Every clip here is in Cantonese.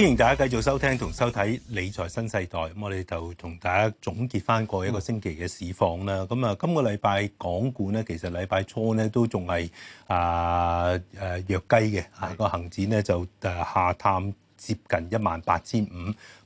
歡迎大家繼續收聽同收睇《理財新世代》。咁我哋就同大家總結翻過一個星期嘅市況啦。咁啊，今個禮拜港股呢，其實禮拜初呢都仲係啊誒弱雞嘅，個、啊、恆是指呢，就誒下探接近一萬八千五。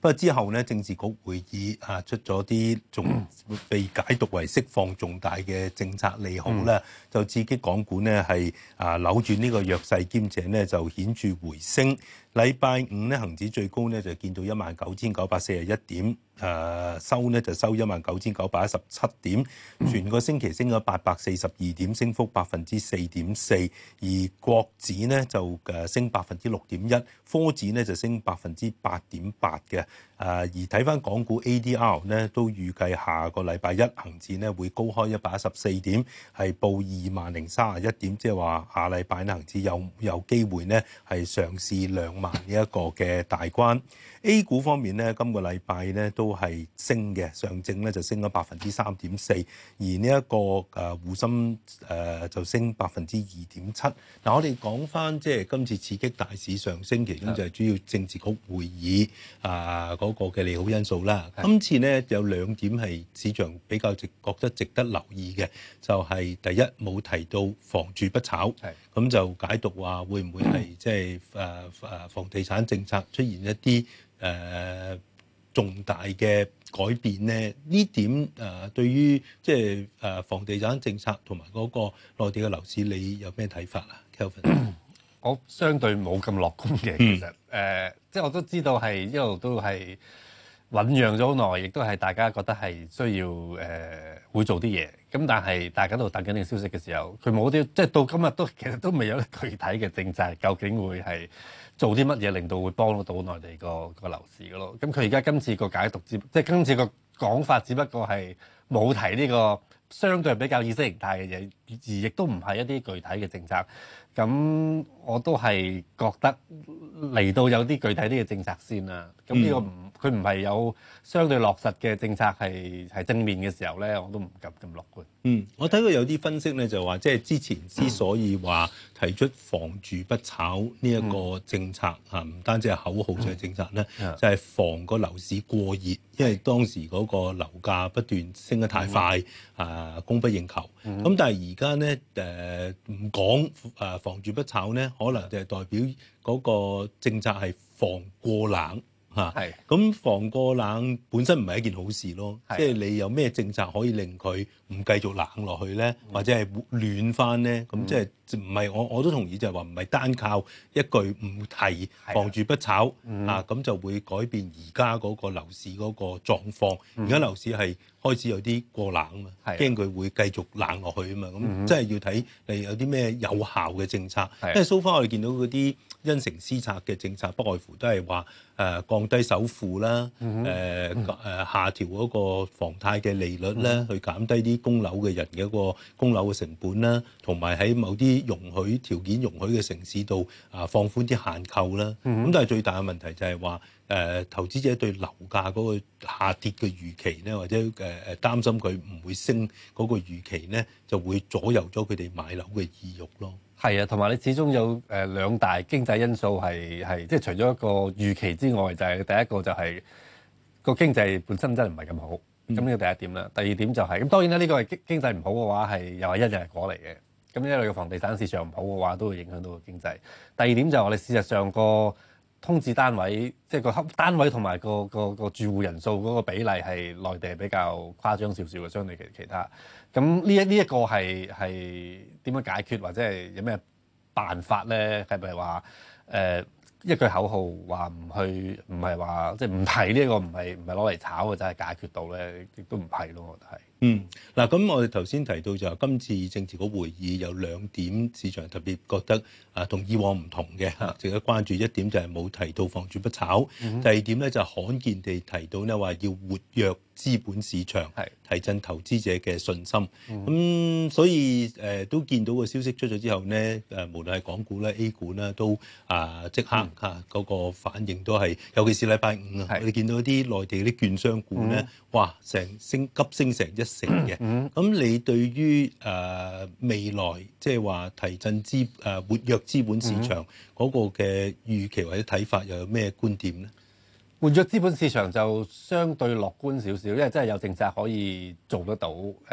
不過之後呢，政治局會議啊出咗啲仲被解讀為釋放重大嘅政策利好咧，嗯、就刺激港股呢係啊扭轉呢個弱勢，兼且呢就顯著回升。禮拜五咧，恒指最高咧就見到一萬九千九百四十一點，誒、啊、收呢就收一萬九千九百一十七點，全個星期升咗八百四十二點，升幅百分之四點四。而國指呢，就誒升百分之六點一，科指呢，就升百分之八點八嘅。誒而睇返港股 ADR 呢，都預計下個禮拜一恒指呢會高開一百一十四點，係報二萬零三十一點，即係話下禮拜呢，恒指有有機會呢係嘗試兩萬呢一個嘅大關，A 股方面咧，今個禮拜咧都係升嘅，上證咧就升咗百分之三點四，而呢一個誒滬深誒就升百分之二點七。嗱，我哋講翻即係今次刺激大市上升，其中就係主要政治局會議啊嗰個嘅利好因素啦。今次咧有兩點係市場比較值覺得值得留意嘅，就係第一冇提到房住不炒，咁就解讀話會唔會係即係誒誒？房地產政策出現一啲誒、呃、重大嘅改變咧，呢點誒、呃、對於即係誒房地產政策同埋嗰個內地嘅樓市，你有咩睇法啊？Kelvin，我相對冇咁樂觀嘅，其實誒、嗯呃，即係我都知道係一路都係醖釀咗好耐，亦都係大家覺得係需要誒、呃、會做啲嘢。咁但係大家喺度等緊呢個消息嘅時候，佢冇啲即係到今日都其實都未有具體嘅政策，究竟會係？做啲乜嘢令到會幫到到內地個個樓市嘅咯？咁佢而家今次個解讀只，即係今次個講法，只不過係冇提呢個相對比較意識形態嘅嘢，而亦都唔係一啲具體嘅政策。咁我都係覺得嚟到有啲具體啲嘅政策先啦。咁呢個。唔、嗯。佢唔係有相對落實嘅政策係係正面嘅時候咧，我都唔敢咁樂觀。嗯，我睇到有啲分析咧，就話即係之前之所以話提出房住不炒呢一個政策嚇，唔、嗯、單止係口號，上政策咧，嗯、就係防個樓市過熱，嗯、因為當時嗰個樓價不斷升得太快，嗯、啊，供不應求。咁、嗯、但係而家咧誒唔講啊房住不炒咧，可能就係代表嗰個政策係防過冷。嚇，係咁是、啊、防過冷本身唔係一件好事咯，是的 即係你有咩政策可以令佢唔繼續冷落去咧，嗯、或者係暖翻咧？咁、嗯、即係唔係我我都同意，就係話唔係單靠一句唔提，防住不炒是的 啊，咁就會改變而家嗰個樓市嗰個狀況。而家、嗯、樓市係開始有啲過冷啊嘛，驚佢是的 會繼續冷落去啊嘛，咁即係要睇你有啲咩有效嘅政策。是的 嗯、因為 so far 因為 我哋見到嗰啲。因城施策嘅政策不外乎都係話，誒、呃、降低首付啦，誒、呃、誒下調嗰個房貸嘅利率咧，去減低啲供樓嘅人嘅一個供樓嘅成本啦，同埋喺某啲容許條件容許嘅城市度啊放寬啲限購啦。咁但係最大嘅問題就，就係話誒投資者對樓價嗰個下跌嘅預期咧，或者誒誒擔心佢唔會升嗰個預期咧，就會左右咗佢哋買樓嘅意欲咯。係啊，同埋你始終有誒、呃、兩大經濟因素係係，即係除咗一個預期之外，就係、是、第一個就係、是、個經濟本身真係唔係咁好，咁呢個第一點啦。第二點就係、是、咁，當然啦，呢個係經經濟唔好嘅話，係又係一日、日果嚟嘅。咁因為個房地產市場唔好嘅話，都會影響到個經濟。第二點就係我哋事實上個。通知單位，即係個合單位同埋個個個住戶人數嗰個比例係內地比較誇張少少嘅，相對其其他。咁呢一呢一個係係點樣解決或者係有咩辦法咧？係咪話誒一句口號話唔去，唔係話即係唔睇呢個，唔係唔係攞嚟炒嘅，就係解決到咧，亦都唔係咯，我覺得係。嗯，嗱，咁我哋頭先提到就今次政治局會議有兩點市場特別覺得啊，同以往唔同嘅嚇，值得關注一點就係冇提到房住不炒，第二點咧就罕見地提到咧話要活躍資本市場，係提振投資者嘅信心。咁所以誒都見到個消息出咗之後咧，誒無論係港股咧、A 股咧，都啊即刻嚇嗰個反應都係，尤其是禮拜五啊，你見到啲內地啲券商股咧，哇成升急升成一成嘅，咁、嗯嗯、你對於誒、呃、未來即係話提振資誒、呃、活躍資本市場嗰個嘅預期或者睇法又有咩觀點咧？活躍資本市場就相對樂觀少少，因為真係有政策可以做得到，誒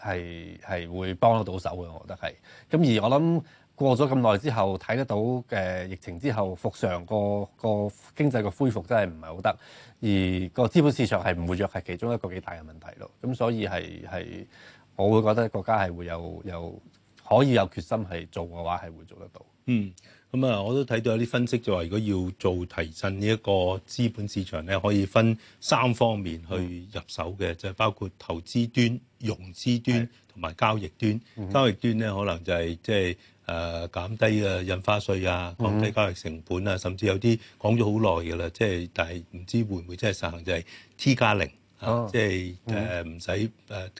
係係會幫得到手嘅，我覺得係。咁而我諗。過咗咁耐之後，睇得到嘅疫情之後復常個個經濟個恢復真係唔係好得，而個資本市場係唔活躍係其中一個幾大嘅問題咯。咁所以係係，我會覺得國家係會有有可以有決心係做嘅話係會做得到。嗯，咁啊，我都睇到有啲分析就話，如果要做提振呢一個資本市場咧，可以分三方面去入手嘅，就係包括投資端、融資端同埋交易端。交易端咧可能就係即係。誒減、呃、低嘅、啊、印花稅啊，降低交易成本啊，甚至有啲講咗好耐嘅啦，即係但係唔知會唔會真係實行，就係、是、T 加零。啊、即係誒唔使誒，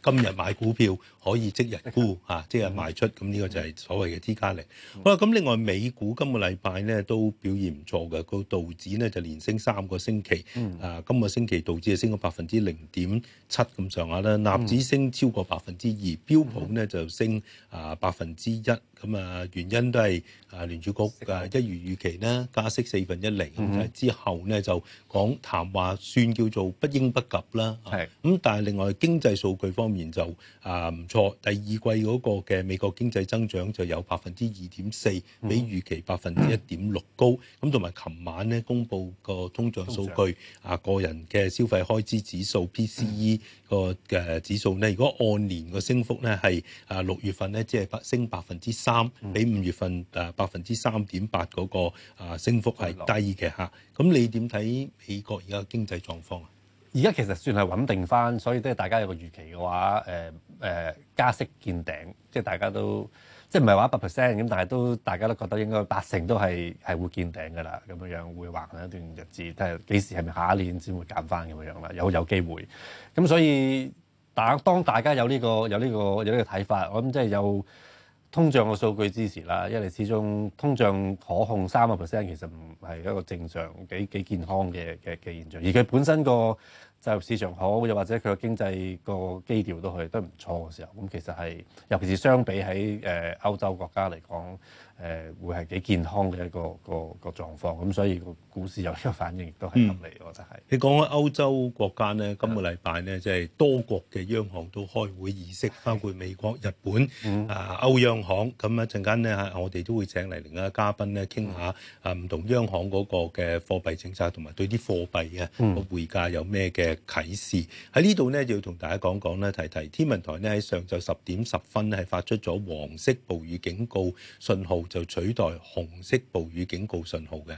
今日買股票可以即日沽嚇、啊，即日賣出，咁，這、呢個就係所謂嘅 T 加零。嗯、好啦，咁另外美股今個禮拜呢都表現唔錯嘅，個道指呢就連升三個星期，啊今個星期道指係升個百分之零點七咁上下啦，納指升超過百分之二，標普呢就升啊百分之一，咁啊原因都係啊聯儲局嘅、啊、一如預期呢，加息四分一厘，嗯、之後呢，就講談話算叫做不應不及啦。係咁，是但係另外經濟數據方面就啊唔錯。第二季嗰個嘅美國經濟增長就有百分之二點四，比預期百分之一點六高。咁同埋，琴晚咧公布個通脹數據啊，脹個人嘅消費開支指數 PCE 個嘅指數呢，如果按年個升幅呢，係啊六月份呢，即係升百分之三，比五月份啊百分之三點八嗰個啊升幅係低嘅吓。咁、嗯、你點睇美國而家經濟狀況啊？而家其實算係穩定翻，所以都係大家有個預期嘅話，誒、呃、誒、呃、加息見頂，即係大家都即係唔係話一百 percent 咁，但係都大家都覺得應該八成都係係會見頂㗎啦，咁樣樣會橫行一段日子，即係幾時係咪下一年先會減翻咁樣樣啦？有有機會，咁所以大當大家有呢、這個有呢、這個有呢、這個睇法，我諗即係有。通脹嘅數據支持啦，因為始終通脹可控三個 percent 其實唔係一個正常幾幾健康嘅嘅嘅現象，而佢本身個。就市場好，又或者佢個經濟個基調都係都唔錯嘅時候，咁其實係，尤其是相比喺誒歐洲國家嚟講，誒會係幾健康嘅一個一個一個狀況，咁所以個股市有呢個反應亦都係咁嚟。嗯、我覺得係。你講開歐洲國家咧，今個禮拜咧，即係多國嘅央行都開會議息，包括美國、日本、嗯、啊歐央行，咁一陣間咧，我哋都會請嚟另一個嘉賓咧，傾下啊唔同央行嗰個嘅貨幣政策，同埋對啲貨幣嘅匯價有咩嘅嘅啟示喺呢度呢，就要同大家講講咧，提提天文台呢，喺上晝十點十分咧，係發出咗黃色暴雨警告信號，就取代紅色暴雨警告信號嘅。